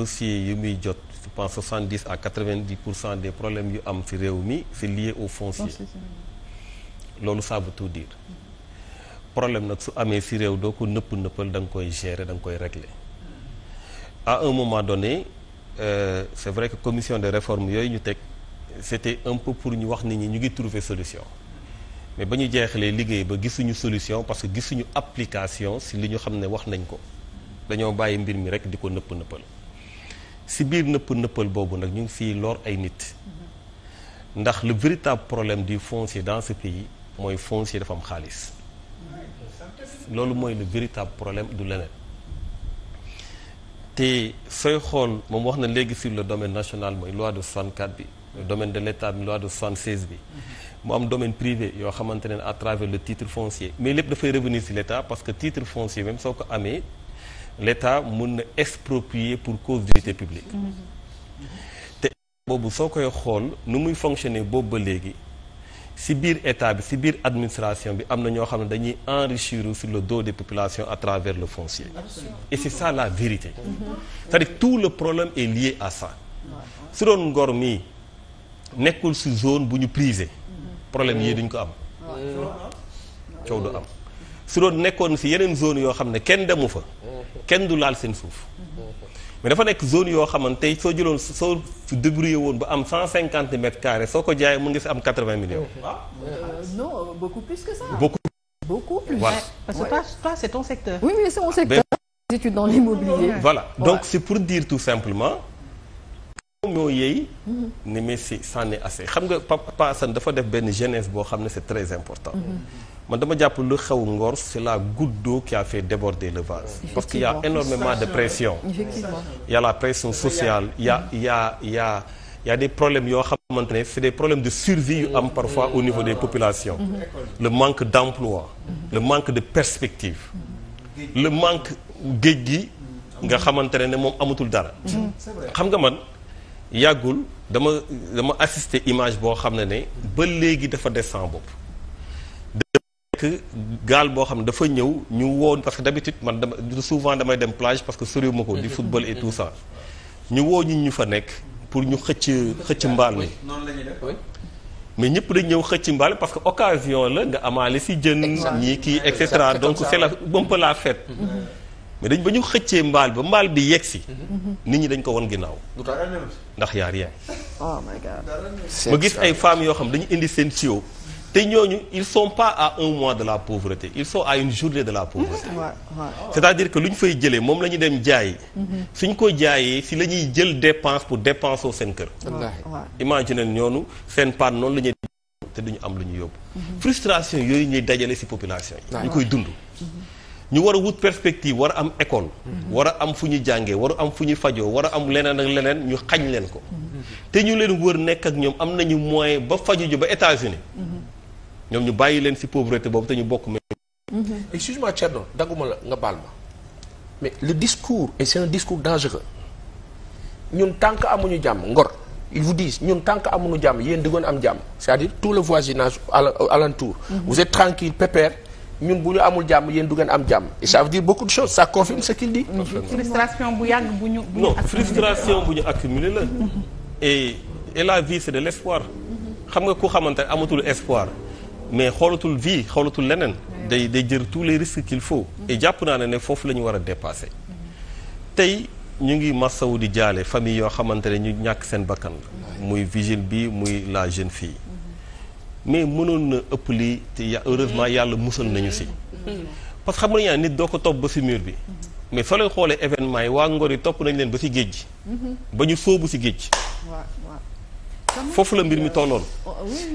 dossiers yu muy jot je pense soixante dix à quatre vingt dix pour cent des problèmes yu am ci réew mi c'est lié au foncier loolu ça veut tout dire problème nag su amee ci réew doo ko nëpp nëppal da nga koy gérer da nga koy régler à un moment donné euh, c'est vrai que commission de réforme yooyu ñu teg c'était un peu pour ñu wax nit ñi ñu ngi trouver solution mais ba ñu jeexalee liggéey ba gisuñu solution parce que gisuñu application si li ñu xam ne wax nañ ko dañoo bàyyi mbir mi rekk di ko nëpp nëppal si biir nëpp nëppal boobu nag ñu ngi siy loor ay nit. ndax le véritable problème du foncier dans ce pays mooy foncier dafa am xaalis. loolu mooy le véritable problème du leneen. te sooy xool moom wax na léegi sur le domaine national mooy loi de 64 bi. le domaine de l'état bi loi de 76 bi. mu am domaine privé yoo xamante ne à travers le titre foncier. mais lépp dafay revenir si l'état parce que titre foncier même soo ko amee. l'État mun na exproprier pour cause d'utilité publique te boobu soo koy xool nu muy fonctionner boobu ba léegi si biir état bi si biir administration bi am na ñoo xam ne dañuy enrichir sur le dos des population à travers le foncier et c'est ça la vérité cest à tout le problème est lié à ça su doon mii nekkul si zone bu ñu prisé problème yii duñ ko am coow du am su doon nekkoon si yeneen zone yoo xam ne kenn demu fa kenn du laal seen suuf mais dafa nekk zone yoo xamante tey soo jëloon soo débrouillé woon ba am cent cinquante mètres soo ko jaayee mu ngi si am quatre vingt millions. Euh, non beaucoup plus que ça. c'est ton secteur. oui oui c'est mon voilà donc c'est pour dire tout simplement. ñoo yey ni mais si sànni est assez xam nga Papa Assane dafa def benn jeunesse boo xam ne c'est très important. Mm-hmm. man dama jàpp lu xew Ngor c'est la goutte d'eau qui a fait déborder le parce que y a énormément de pression il la pression sociale il yaa yaa il y a il des problèmes yoo xamante ne c'est des problème de survie yu am parfois au niveau des populations mhm. le manque d'emploi mhm. le manque de perspective le manque géej gi nga xamante ne moom amatul dara mhm. xam nga man yàggul dama dama assister image boo xam ne ne ba léegi dafa des sans bopp nekk gaal boo xam ne dafa ñëw ñu woon parce que d'habitude man dama souvent damay dem plage parce que soriwuma ko. di football et tout ça. ñu woo ñun ñu fa nekk pour ñu xëcc xëcc mbaal mi. mais ñëpp dañ ñëw xëcc mbaal parce que occasion la nga amaale si jën. ñii kii et cetera donc c'est la un peu la mm-hmm. dañ ba ñu xëccee mbaal ba mbaal bi yegg si. Mm-hmm. nit ñi dañ ko won ginnaaw. ndax yaa rien. oh ma gis ay femmes yoo xam dañu indi seen tuyau. te ñooñu il sont pas à un mois de la pauvreté il sont à une journée de la pauvreté c'est-à-dire que lu ñu fay jëlee moom la ñu dem jaay suñ ko jaayee si la ñuy jël dépense pour dépense oo seen kër imagine ñoonu seen paan noonu la ñuy te duñu am lu ñu yóbbu mhm. frustration yooyu ñuy dajale si population yi ñu koy dund mhm. ñu war a wut perspective war a am école mhm. war am fu ñu jàngee war am fu ñu fajoo war a am leneen ak leneen ñu xañ leen ko te ñu leen wër nekk ak ñoom am nañu moyen ba faju ju ba États-Unis ñoom ñu bàyyi leen ci pauvreté boobu te ñu bokk même. Mm-hmm. excuse-moi Thierno dagguma la nga baal ma mais le discours et c'est un discours dangereux ñun tant amuñu jàmm ngor ils vous disent ñun tant amuñu jàmm yéen diggoon am jàmm c'est-à-dire tout le voisinage alentour mm-hmm. vous êtes tranquille pépère ñun bu ñu amul jàmm yeen du ngeen am jàmm et ça veut dire beaucoup de choses ça confirme ce qu'il dit mm-hmm. frustration bu yàgg bu ñu non frustration bu ñu accumulé la et et la vie c'est de l'espoir xam nga ku xamante amatul espoir mais xoolatul vie xoolatul leneen. day day jël tous les risques qu'il jàpp naa ne ne foofu la ñu war a dépasser. tey ñu ngi massawu di jaale famille yoo xamante ne ñu ñàkk seen bakkan la. muy vigile bi muy la jeune fille. mais mënoon na ëpp li te heureusement yàlla musal nañu si. parce que xam nga nit doo ko topp ba si mur bi. mais soo leen xoolee événement yi waa Ngor yi topp nañ leen ba ci géej gi. Mhm. ba ñu soobu si géej foofu la mbir mi tolloon.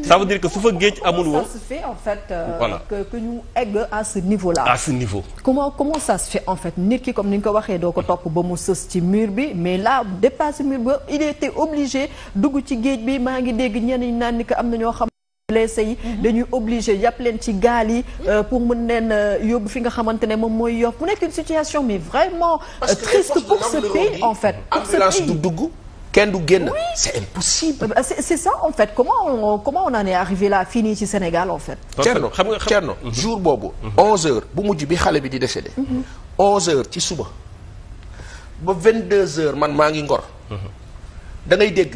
ça veut dire que su fa géej amul woon. ça se fait en fait. Euh, voilà que que ñu egg comment comment ça se fait en fait nit ki comme ni nga ko waxee doo ko topp ba mu sës ci miir bi mais là dépassé mur ba il était obligé dugg ci géej bi maa ngi dégg ñenn ñi naan ni que am na ñoo xam. blessé yi mhm. dañuy obligé yàpp leen ci gaal yi mhm. euh, pour mën leen euh, yóbbu fi nga xamante ne moom mooy yof mu nekk une situation mais vraiment euh, triste pour ce pays en fait. pour ce pays ambulance dugg. kenn du génn c'est impossible. c'est ça en fait comment on comment ci Sénégal en fait. Thierno xam nga Thierno mhm. Mhm. jour boobu. 11h mhm. bu mujj bi xale bi di décédé. 11h ci suba ba 22h man maa ngi ngor. da dégg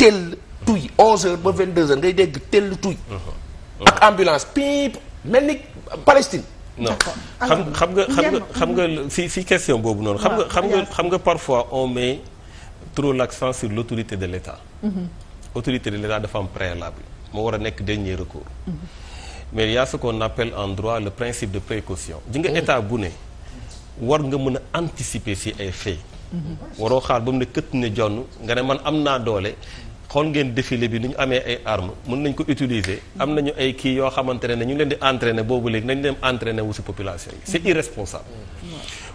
tell tuy 11h ba 22h ngay dégg tell tuy. ak ambulance piip mel ni Palestine. xam nga xam nga xam nga fii fii question boobu noonu. xam nga xam nga xam nga parfois on met. trop l'accent sur l'autorité de l'État mm-hmm. autorité de l'État dafa am préalable moo war a nekk dernier recours mm-hmm. mais il sa ko ce qu'on appelle en droit le principe de précaution ji nga état bu ne war nga mën a anticiper si ay faits mm-hmm. waroo xaar ba mu ne këtt ne jonn nga ne man am naa doole xool ngeen défilé bi ni ñu amee ay armes mën nañ ko utiliser am nañu ay kii yoo xamante ne ñu ngi leen di entraîner boobu léegi nañ leen entraîner wu si population yi c'est irresponsable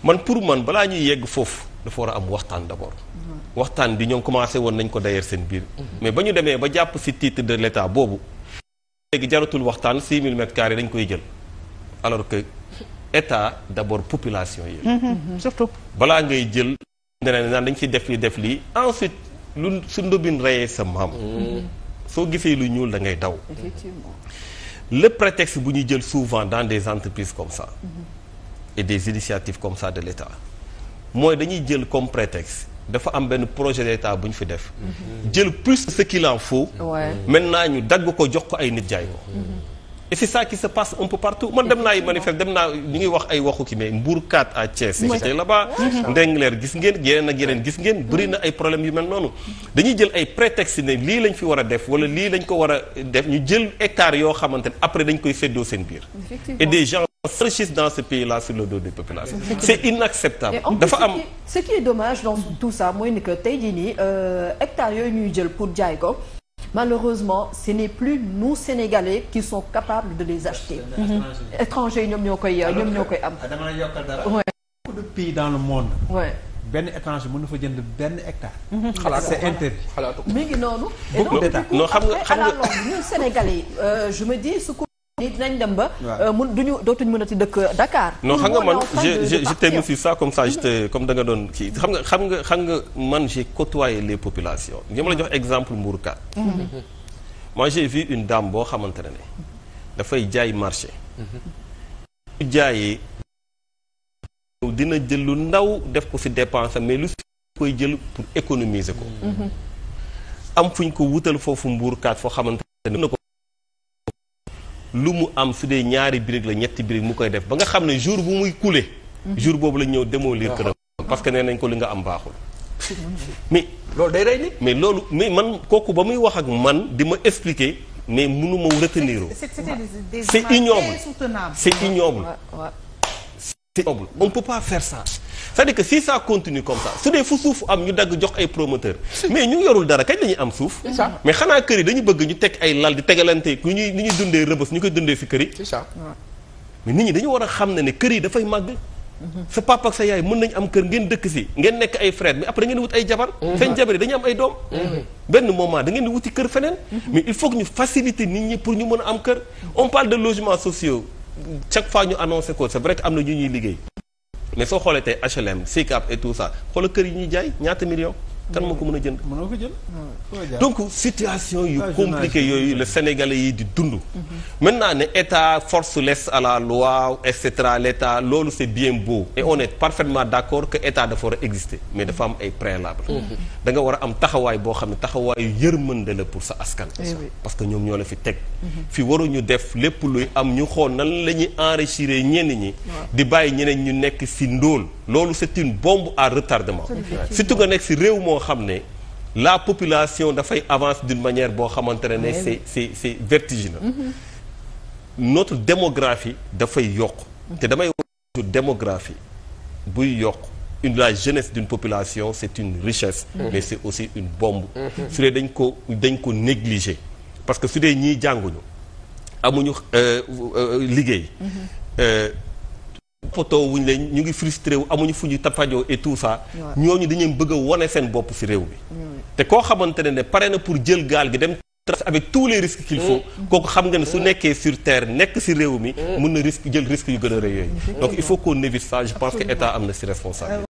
man pour man balaa ñuy yegg foofu dafa war am waxtaan d'abord waxtaan bi ñoom commencé woon nañ ko d'ailleurs seen biir. Mhm. mais ba ñu demee ba jàpp ci titre de l'État boobu. léegi jaratul waxtaan 6000 mètres carrés dañ koy jël alors que état d'abord population yi. Mhm. Mhm. surtout balaa ngay jël. danañ naan dañ ciy def li def lii ensuite lu su ndobin reyee sa maam. soo gisee lu ñuul da ngay daw. effectivement le prétexte bu ñu jël souvent dans des entreprises comme ça. et des initiatives comme ça de l'État mooy dañuy jël comme prétexte. dafa am benn projet d'état bu ñu fi def. jël plus ce qu'il en faut. Ouais. maintenant ñu dagg ko jox ko ay nit jaay ko. et c'est ça qui se passe un peu partout man dem naa ay manifeste dem naa ñu ngi wax ay waxu ki mais Mbourkat a Thiès j'étais là-bas Ndengler gis ngeen yeneen ak yeneen gis ngeen bëri na ay problèmes yu mel noonu dañuy jël ay prétexte ne lii lañ fi war a def wala lii lañ ko war a def ñu jël hectare yoo xamante ne après dañ koy séddoo seen biir et des gens s'enrichissent dans ce pays-là sur le c'est inacceptable. dafa am ce qui est dommage dans tout ça mooy que te jii nii euh, hectares yooyu ñuy jël pour jaay ko. malheureusement ce n'est plus nous Sénégalais qui sont capables de les acheter. Mhm. étrangers yi ñoom ñoo koy ñoom ñoo koy am. dama yokkal dara. beaucoup de pays dans le monde. oui benn étranger mën na fa jënd benn hectare. Mhm. xalaatu mi ngi noonu. beaucoup d'États non xam Sénégalais euh, je me dis nit nañ dem ba. Euh, mun duñu dootuñ mënati dëkk Dakar. non xam nga man je je je comme ça doon kii xam nga xam nga xam nga man j'ai côtoyé les populations. li ma la jox exemple Mbourkat. Mhm. moi j'ai vu une dame boo xamante ne dafay jaay marché. bu jaayee dina jël lu ndaw def ko ci dépense mais lu koy jël pour économiser ko. Mhm. am fuñ ko wutal foofu Mbourkat foo xamante ne lu mu am su dee ñaari birig la ñetti birig mu koy def ba nga xam ne jour bu muy couler mhm. jour boobu la ñëw demoo démolir ah. këram parce que nee nañ ko li nga am baaxul mais loolu day mais loolu mais man kooku ba muy wax ak man di ma expliquer mais mënu ma retenir c'est ignoble c'est ignoble on ne peut pas faire ça c'est-à-dire que si ça continue comme ça su dee fu suuf am ñu dagg jox ay promoteur mais ñu yorul dara kañ la am suuf mais xanaa kër yi dañu bëgg ñu teg ay lal di tegalante ku ñuy ni ñuy dundee rëbës ñu koy dundee fi kër yi mais nit ñi dañu war a xam ne ne kër yi dafay màgg mm-hmm. sa papa sa yaay mën nañu am kër ngeen dëkk si ngeen nekk ay frère mais après ngeen wut ay jabar mm-hmm. seen jabar yi dañu am ay doom mm-hmm. benn moment da ngeen di wuti kër feneen mais il faut ñu faciliter nit ñi pour ñu mën a am kër on de logements sociaux chaque fois ñu annoncé ko c'est vrai am na ñu ñuy liggéey mais soo xoolee tey HLM SICAP et tout ça xoolal kër yi ñuy jaay ñaata millions. kan moo ko mën a jënd. mënoo ko jënd donc situation yu compliqué yooyu le sénégalais yi di dund. Mhm. maintenant ne état force laisse à la loi et cetera l' état loolu c' est bien beau. et parfaitement d' accord que état dafa war a exister mais dafa am ay préalable. Mhm. da nga war a am taxawaay boo xam ne taxawaayu yërmande la pour sa askan. Eh parce que ñoom ñoo la fi teg. Mhm. fi waruñu def lépp luy am ñu xool na la ñuy enrichir ñi. di bàyyi ñeneen ñu nekk si ndóol. loolu c' est une boo xam ne la population dafay avance d'une manière boo xamante ne c'est c'est c'est vertigineux mm-hmm. notre démographie dafay yokk te damay wax démographie buy yokk une la jeunesse d'une population c'est une richesse mm-hmm. mais c'est aussi une bombe mm-hmm. su dee dañ ko dañ ko négliger parce que su dee ñiy jànguñu amuñu euh, euh, liggéey euh, toppatoo wuñ leen ñu ngi frustré wu amuñu fu ñu tapajoo et tout ça. ñooñu dañuy bëgg a wane seen bopp si réew mi. te koo xamante ne ne pare na pour jël gaal gi dem. avec tous les risques qu'il faut mm. kooku xam nga ne su nekkee sur nekk ci réew mi mën na risque jël risque yu gën a rëy yooyu donc il faut qu'on évite ça je pense que état am na ci responsabilité